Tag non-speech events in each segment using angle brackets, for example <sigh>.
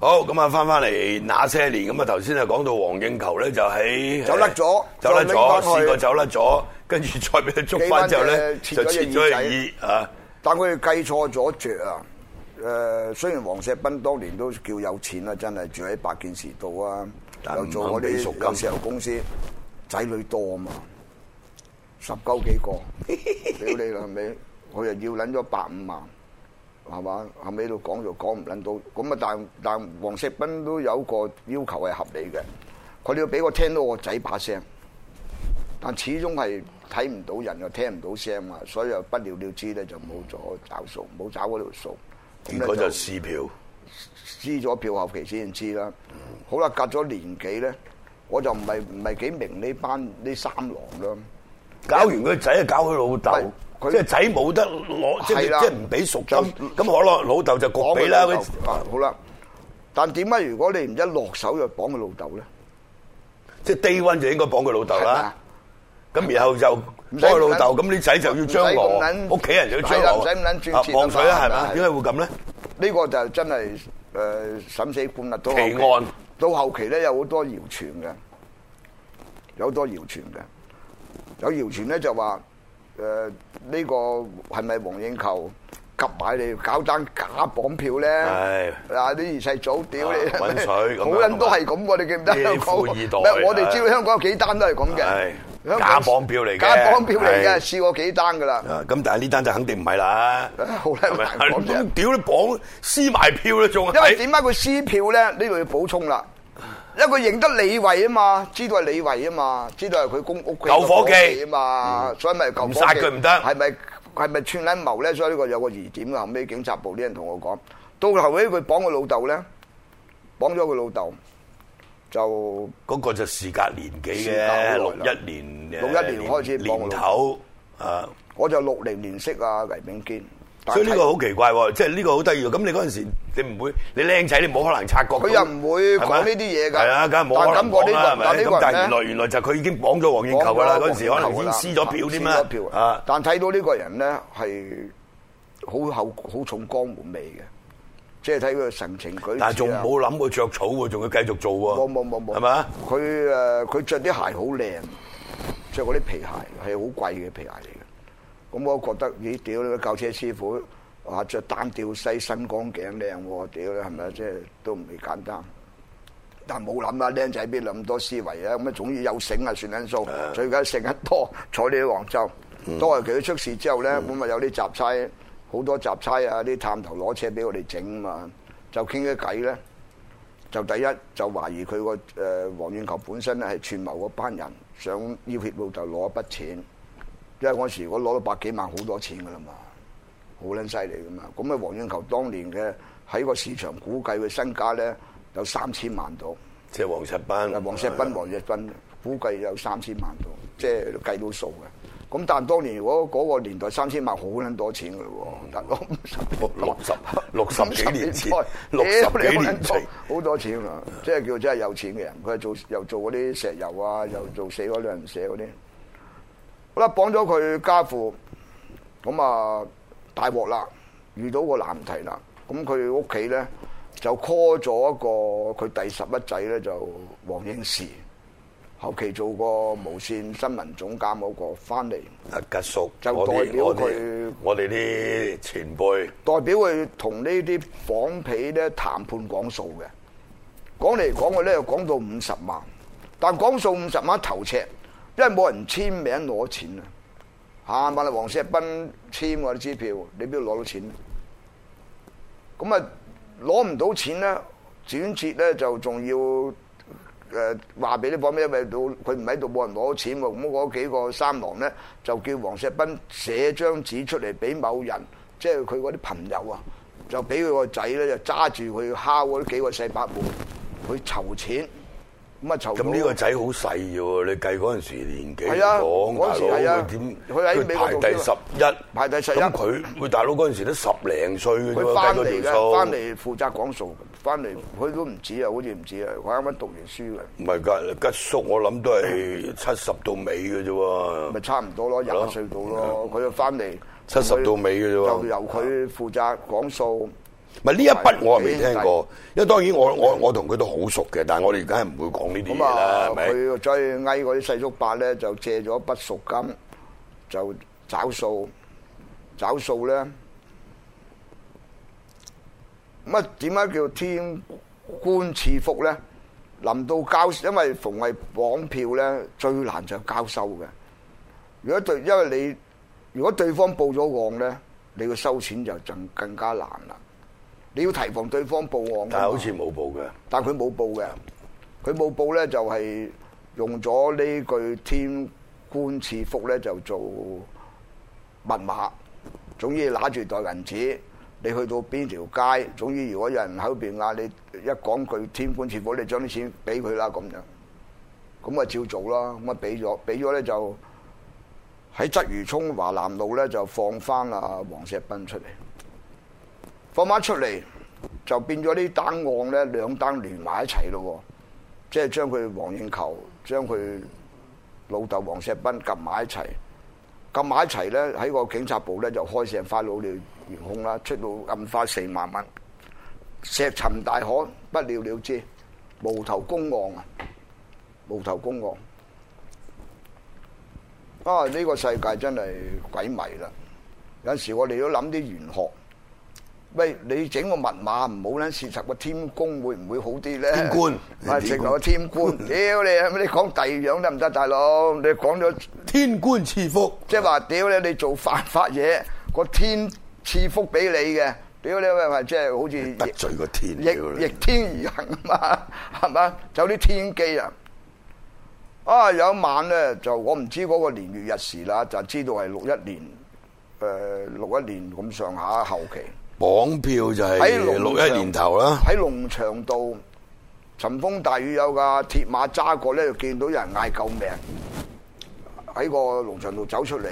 好咁啊，翻翻嚟那些年咁啊，頭先啊講到黃應求咧，就喺走甩咗，走甩咗，試過走甩咗，跟住再俾佢捉翻之後咧，就切咗隻耳啊！但係佢哋計錯咗着啊！誒，雖然黃石斌當年都叫有錢啊，真係住喺白建時度啊，又做我哋熟舊石油公司，仔女多啊嘛，十九幾個屌 <laughs> 你係咪？我又要捻咗百五萬。係嘛？後尾到講就講唔捻到咁啊！但但黃錫彬都有個要求係合理嘅，佢要俾我聽到我仔把聲，但始終係睇唔到人又聽唔到聲嘛，所以就不了了之咧，就冇再找數，冇找嗰條數。咁咧就撕票，撕咗票後期先知啦。好啦，隔咗年幾咧，我就唔係唔係幾明呢班呢三狼啦。搞完個仔啊，搞佢老豆。即係仔冇得攞，即係即係唔俾贖金，咁，我攞老豆就割俾啦。咁啊好啦，但點解如果你唔一落手就綁佢老豆咧？即係第一時間，就應該綁佢老豆啦。咁然後就綁佢老豆，咁啲仔就要張羅，屋企人要張羅，唔使咁捻轉折，唔使啦，係嘛？點解會咁咧？呢個就真係誒，審死官都奇案，到後期咧有好多謠傳嘅，有好多謠傳嘅，有謠傳咧就話。誒，呢個係咪黃應求夾埋嚟搞單假綁票咧？嗱，啲二世祖屌你，冇人都係咁嘅，你記唔記得？唔係我哋知香港有幾單都係咁嘅，假綁票嚟嘅，假綁票嚟嘅，試過幾單噶啦。咁但係呢單就肯定唔係啦。好啦，唔好屌你綁撕埋票都中，因為點解佢撕票咧？呢度要補充啦。因為佢認得李慧啊嘛，知道係李慧啊嘛，知道係佢公屋嘅舊伙計啊嘛，所以咪殺佢唔得，係咪係咪串捻謀咧？所以呢個有個疑點啊。後尾警察部啲人同我講，到後尾佢綁佢老豆咧，綁咗佢老豆，就嗰個就時隔年幾嘅，六一年六一年開始，年頭啊，我就六零年識啊黎炳堅。所以呢個好奇怪喎，即係呢個好得意喎。咁你嗰陣時，你唔會，你僆仔你冇可能察覺。佢又唔會講呢啲嘢㗎。係啊嗎，梗係冇可能講啦、呢個。但係咁呢個但原來原來就佢已經綁咗黃燕球㗎啦。嗰陣了時候可能已經撕咗票添啦。啊！但睇到呢個人咧係好厚、好重江湖味嘅，即係睇佢神情舉動。但係仲冇諗過着草喎，仲要繼續做喎。冇冇冇冇，係嘛？佢誒佢著啲鞋好靚，着嗰啲皮鞋係好貴嘅皮鞋嚟嘅。咁我都覺得咦？屌你個教車師傅，哇！著單吊西身光頸靚喎，屌你係咪？即係都唔係簡單，但係冇諗啊。僆仔邊度咁多思維啊？咁啊總要有醒啊，算因素，最緊要醒得多。坐呢啲黃州，當其佢出事之後咧，咁啊、嗯、有啲雜差，好多雜差啊！啲探頭攞車俾我哋整嘛，就傾啲偈咧。就第一就懷疑佢個誒黃遠求本身咧係串謀嗰班人，想要挾路就攞一筆錢。即係嗰時，我攞咗百幾萬好多錢噶啦嘛，好撚犀利噶嘛。咁啊，黃應求當年嘅喺個市場估計嘅身家咧有三千萬到。即係黃錫彬。黃錫彬，黃錫彬估計有三千萬到，即係計到數嘅。咁但當年如果嗰個年代三千萬好撚多錢嘅喎，但六,十六十、六十幾，十幾年前，六十幾年前好多錢啊！即係叫真係有錢嘅人，佢做又做嗰啲石油啊，又做四海旅行社嗰啲。我一綁咗佢家父，咁啊大鑊啦，遇到個難題啦。咁佢屋企咧就 call 咗一個佢第十一仔咧，就黃應士。後期做過無線新聞總監嗰個翻嚟，阿吉叔就代表佢，我哋啲前輩代表佢同呢啲綁匪咧談判講數嘅，講嚟講去咧又講到五十萬，但講數五十萬頭赤。因為冇人簽名攞錢啊，下下都係黃石斌簽嗰啲支票，你邊度攞到錢？咁啊，攞唔到錢咧，轉折咧就仲要誒話俾啲伙友，因為到佢唔喺度，冇人攞到錢喎。咁嗰幾個三郎咧就叫黃石斌寫張紙出嚟俾某人，即係佢嗰啲朋友啊，就俾佢個仔咧就揸住去敲嗰啲幾個細伯母去籌錢。咁啊，籌咁呢個仔好細嘅喎，你計嗰陣時年紀嚟講，大佬佢點？佢排第十一，排第十一。咁佢，佢大佬嗰陣時都十零歲嘅啫，計嗰條數。翻嚟負責講數，翻嚟佢都唔止啊，好似唔止啊，我啱啱讀完書嘅。唔係㗎，吉叔我諗都係七十到尾嘅啫喎。咪差唔多咯，廿歲到咯，佢就翻嚟。七十到尾嘅啫喎。就由佢負責講數。咪呢一筆我啊未聽過，因為當然我我我同佢都好熟嘅，但係我哋而家係唔會講呢啲嘢啦，係咪？佢再翳嗰啲細叔伯咧，就借咗筆贖金，就找數，找數咧，乜點解叫天官賜福咧？臨到交，因為逢係綁票咧，最難就交收嘅。如果對，因為你如果對方報咗案咧，你個收錢就更更加難啦。你要提防對方報案，但係好似冇報嘅。但係佢冇報嘅，佢冇報咧就係用咗呢句天官賜福咧就做密碼，總之揦住袋銀紙，你去到邊條街，總之如果有人喺邊啊，你一講句天官賜福，你將啲錢俾佢啦咁樣，咁啊照做啦，咁啊俾咗，俾咗咧就喺鰂魚涌華南路咧就放返阿黃石斌出嚟。嗰晚出嚟就變咗啲單案咧，兩單連埋一齊咯，即係將佢黃應求、將佢老豆黃石斌撳埋一齊，撳埋一齊咧喺個警察部咧就開成花，冇了元兇啦，出到暗花四萬蚊，石沉大海，不了了之，無頭公案啊，無頭公案。啊，呢個世界真係鬼迷啦！有時我哋都諗啲玄學。你整個密碼唔好咧，事實個天公會唔會好啲咧？天官，咪直落個天官。屌你，你講第二樣得唔得，大佬？你講咗天官賜福，即係話屌你，你做犯法嘢，個天賜福俾你嘅。屌你，咪即係好似得罪個天，逆逆天而行吖嘛，係嘛？有啲天機啊！啊，有一晚咧，就我唔知嗰個年月日時啦，就係知道係六一年，誒六一年咁上下後期。綁票就係六一年頭啦，喺龍翔道，尋風大雨，有架鐵馬揸過咧，就見到有人嗌救命，喺個龍翔道走出嚟，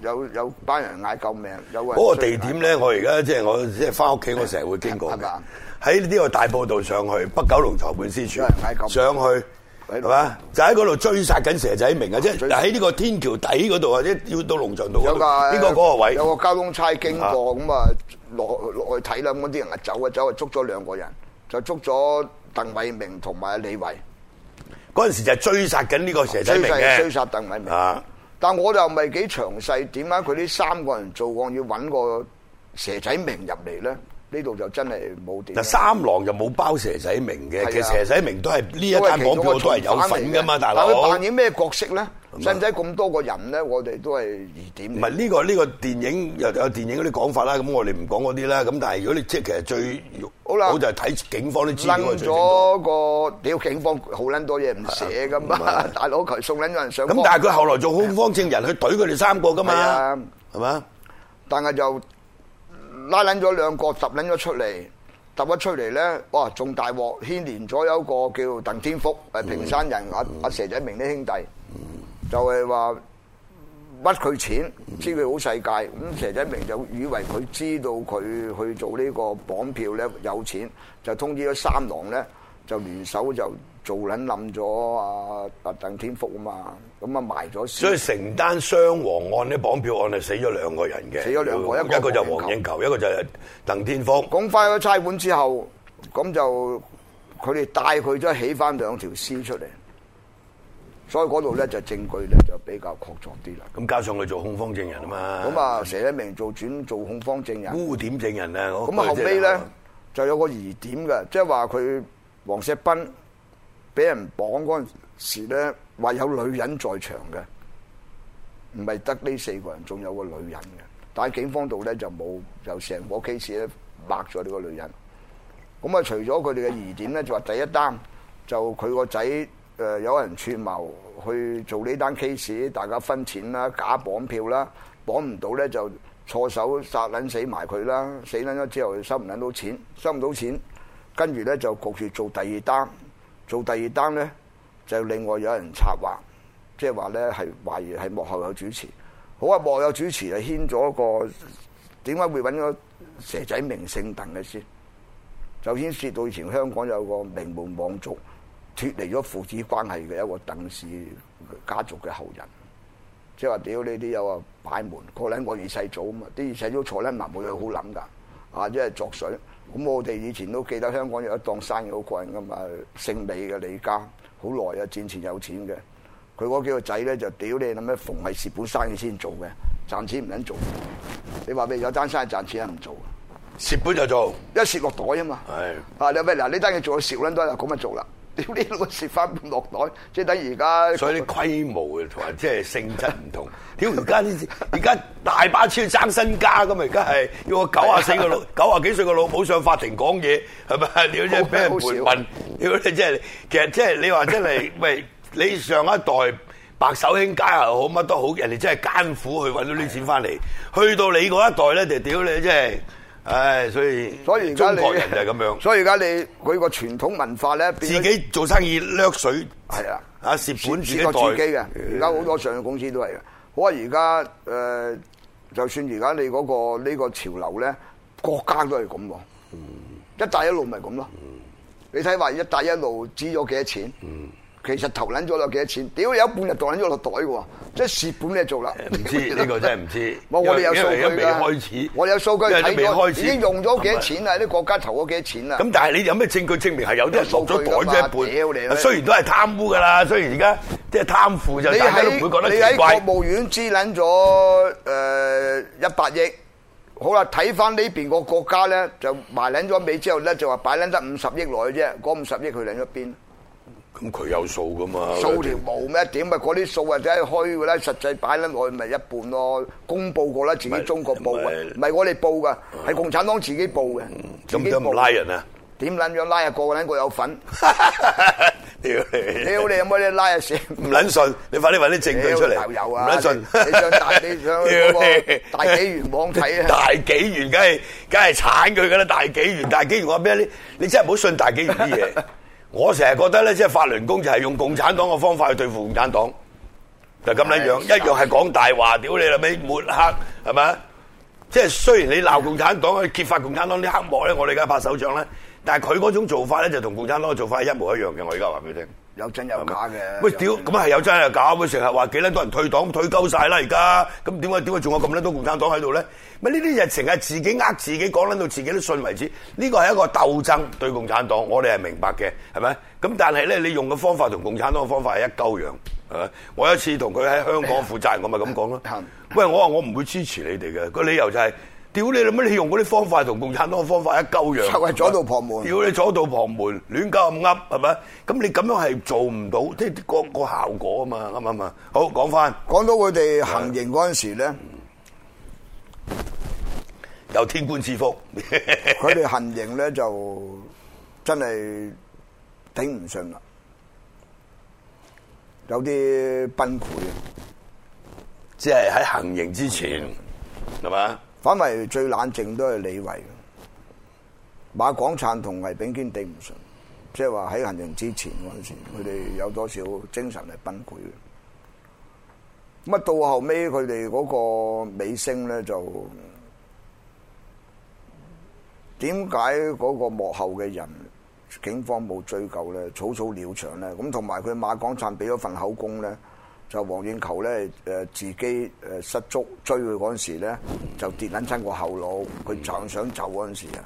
有有班人嗌救命，有嗰個地點咧，我而家即係我即係翻屋企，我成日會經過嘅。喺呢個大埔道上去北九龍裁判司署，上去係嘛，就喺嗰度追殺緊蛇仔明啊！即係喺呢個天橋底嗰度啊，即要到龍翔道呢個個位，有個交通差經過咁啊。落落去睇啦！咁啲人啊走啊走啊，捉咗兩個人，就捉咗鄧偉明同埋李慧。嗰陣時就追殺緊呢個蛇仔明嘅，追殺鄧偉明。啊！但我又唔係幾詳細，點解佢呢三個人做案要揾個蛇仔明入嚟咧？呢度就真係冇點。嗱，三郎就冇包蛇仔明嘅，其實蛇仔明都係呢一單都係有份噶嘛，大佬。但佢扮演咩角色咧？使唔使咁多個人咧？我哋都係疑點。唔係呢個呢個電影又有電影嗰啲講法啦。咁我哋唔講嗰啲啦。咁但係如果你即係其實最好就係睇警方啲資料。問咗個屌警方好撚多嘢唔寫噶嘛？大佬佢送撚咗人上。咁但係佢後來做控方證人去懟佢哋三個噶嘛？係嘛？但係就拉撚咗兩個揼撚咗出嚟，揼一出嚟咧，哇！仲大鑊牽連咗有一個叫鄧天福，係平山人阿阿蛇仔明啲兄弟。就係話屈佢錢，知佢好世界，咁佘一明就以為佢知道佢去做呢個綁票咧有錢，就通知咗三郎咧，就聯手就做撚冧咗阿鄧天福啊嘛，咁啊埋咗。所以承擔雙王案呢綁票案係死咗兩個人嘅，死咗兩個，一個，一個就黃應球，一個就鄧天福。講翻咗差館之後，咁就佢哋帶佢咗起翻兩條屍出嚟。所以嗰度咧就證據咧就比較確鑿啲啦。咁、嗯、加上佢做控方證人啊嘛，咁啊蛇一名做轉做控方證人污點證人啊！咁後尾咧就有個疑點嘅，嗯、即係話佢黃石斌俾人綁嗰陣時咧，話有女人在場嘅，唔係得呢四個人，仲有個女人嘅。但係警方度咧就冇，就成個 case 咧抹咗呢個女人。咁啊，了那除咗佢哋嘅疑點咧，就話第一單就佢個仔。誒，有人串謀去做呢單 case，大家分錢啦，假綁票啦，綁唔到咧就錯手殺撚死埋佢啦，死撚咗之後收唔撚到錢，收唔到錢，跟住咧就焗住做第二單，做第二單咧就另外有人策劃，即係話咧係懷疑係幕後有主持，好啊，幕後有主持啊牽咗個點解會搵個蛇仔明姓鄧嘅先，就牽涉到以前香港有個名門望族。脱離咗父子關係嘅一個鄧氏家族嘅後人，即係話屌你啲有啊擺門，過個捻我二世祖啊嘛，啲二世祖坐捻冇有好諗噶，啊即係作水，咁我哋以前都記得香港有一檔生意好過咁噶姓李嘅李家，好耐啊戰前有錢嘅，佢嗰幾個仔咧就屌你諗咩逢係蝕本生意先做嘅，賺錢唔肯做，你話畀有單生意賺錢啊唔做，蝕本就做，一蝕落袋啊嘛，係啊的你咪嗱呢單嘢做蝕捻咁樣做啦。屌呢啲老食翻落袋，即係等於而家。所以啲規模同埋即係性質唔同。屌而家啲，而家大把錢爭身家咁嘛！而家係要個九啊四個老九啊幾歲個老母上法庭講嘢係咪？屌即係俾人盤問。屌你即係，其實即係你話真係喂，你上一代白手興家又好乜都好，人哋真係艱苦去揾到啲錢翻嚟，去到你嗰一代咧就屌你即係。唉，所以所以而家你，人就係咁樣所以而家你，佢個傳統文化咧，自己做生意掠水，係啊的，啊蝕本自己代機嘅，而家好多上市公司都係嘅。好啊，而家誒，就算而家你嗰、那個呢、這個潮流咧，國家都係咁，一帶一路咪咁咯？嗯、你睇話一帶一路支咗幾多錢？嗯其實投捻咗落幾多錢？屌有一半就當捻咗落袋嘅喎，即係蝕本咩做啦？唔知呢個真係唔知。冇我哋有數據噶，我有數據睇未開始，已經用咗幾多錢啦？啲國家投咗幾多錢啦？咁但係你有咩證據證明係有啲人落咗袋啫？一半，雖然都係貪污噶啦，雖然而家即係貪腐就大家都唔會覺得奇怪。你喺你喺國務院支捻咗誒一百億，好啦，睇翻，呢邊個國家咧就埋捻咗尾之後咧就話擺捻得五十億落去啫，嗰五十億佢捻咗邊？咁佢有數噶嘛？數條毛咩？點啊？嗰啲數啊，真係虛㗎啦！實際擺撚落去咪一半咯。公佈過啦，自己中國報嘅，唔係我哋報㗎，係共產黨自己報嘅。點都唔拉人啊？點撚樣拉啊？個撚個有份。屌你！屌你有冇咧？拉啊死！唔撚信？你快啲揾啲證據出嚟。屌油啊！唔撚信？你想大你想大紀元網睇啊？大紀元梗係梗係鏟佢㗎啦！大紀元？大紀元我話俾你，你真係唔好信大紀元啲嘢。我成日覺得咧，即係法輪功就係用共產黨嘅方法去對付共產黨，就咁樣樣，一樣係講大話，屌你老味抹黑，係咪？即係雖然你鬧共產黨，揭發共產黨啲黑幕咧，我哋而家拍手掌咧，但係佢嗰種做法咧，就同共產黨嘅做法係一模一樣嘅，我而家話俾你聽。有真有假嘅，喂，屌，咁係係有真有假，成日話幾撚多人退黨，退鳩晒啦，而家，咁點解點解仲有咁多共產黨喺度咧？咪呢啲日程係自己呃自己，講撚到自己都信為止，呢個係一個鬥爭對共產黨，我哋係明白嘅，係咪？咁但係咧，你用嘅方法同共產黨嘅方法係一鳩樣，係咪？我有一次同佢喺香港負責人，我咪咁講咯，喂，我話我唔會支持你哋嘅，個理由就係、是。屌你老母！你用嗰啲方法同共產黨嘅方法一鳩樣，拆為左道旁門。屌你左道旁門，是是亂鳩咁噏，係咪？咁你咁樣係做唔到，即係嗰個效果啊嘛，啱唔啱？好講翻，講到佢哋行刑嗰陣時咧，有天官賜福，佢 <laughs> 哋行刑咧就真係頂唔順啦，有啲崩潰，即係喺行刑之前係咪的反為最冷靜都係李維馬廣燦同魏炳堅頂唔順，即係話喺行刑之前嗰陣時，佢哋有多少精神係崩潰嘅。到後尾佢哋嗰個尾聲咧就點解嗰個幕後嘅人，警方冇追究咧，草草了場咧？咁同埋佢馬廣燦俾咗份口供咧？就黃應求咧，誒自己誒失足追佢嗰陣時咧，就跌撚親個後腦，佢撞想走嗰陣時啊，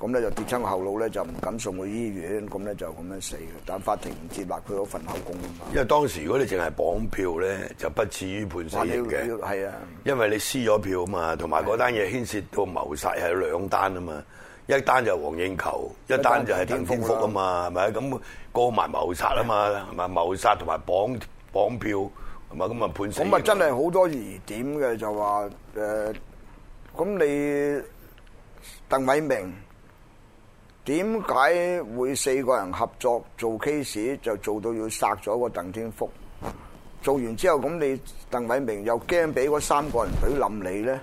咁咧就跌親個後腦咧，就唔敢送去醫院，咁咧就咁樣死嘅。但法庭唔接納佢嗰份口供啊嘛。因為當時如果你淨係綁票咧，就不至於判死刑嘅。係啊，因為你撕咗票啊嘛，同埋嗰單嘢牽涉到謀殺係兩單啊嘛，一單就黃應求，一單就係鄭風福啊嘛，係咪啊？咁過埋謀殺啊嘛，係咪啊？謀殺同埋綁綁票，咁咪？咁啊判死。咁啊真係好多疑點嘅，就話誒，咁、呃、你鄧偉明點解會四個人合作做 case，就做到要殺咗個鄧天福？做完之後，咁你鄧偉明又驚俾嗰三個人懟冧你咧？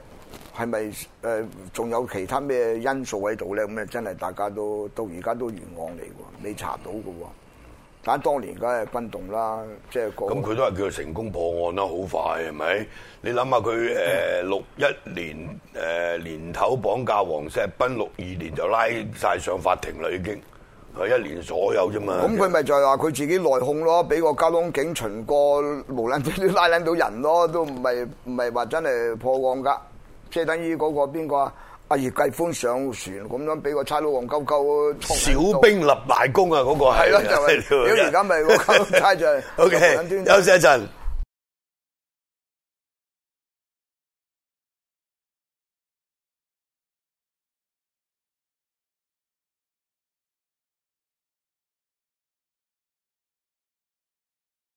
係咪誒仲有其他咩因素喺度咧？咁啊真係大家都到而家都懸案嚟喎，未查到喎。但當年當年梗係轟動啦，即係嗰個咁佢都係叫成功破案啦，好快係咪？你諗下佢誒六一年、呃、年頭綁架黃石賓，六二年就拉晒上法庭啦，已經佢一年所有啫嘛。咁佢咪就係話佢自己內訌咯，俾個交通警巡過，無論點都拉攬到人咯，都唔係唔係話真係破案㗎，即係等於嗰個邊個啊？阿葉繼歡上船咁樣勾勾，俾個差佬黃鳩鳩。小兵立大功啊！嗰、那個係，係咯就係、是。屌、 <laughs> 就是，而家咪個差就係、是。 <laughs> o Okay , K，休息一陣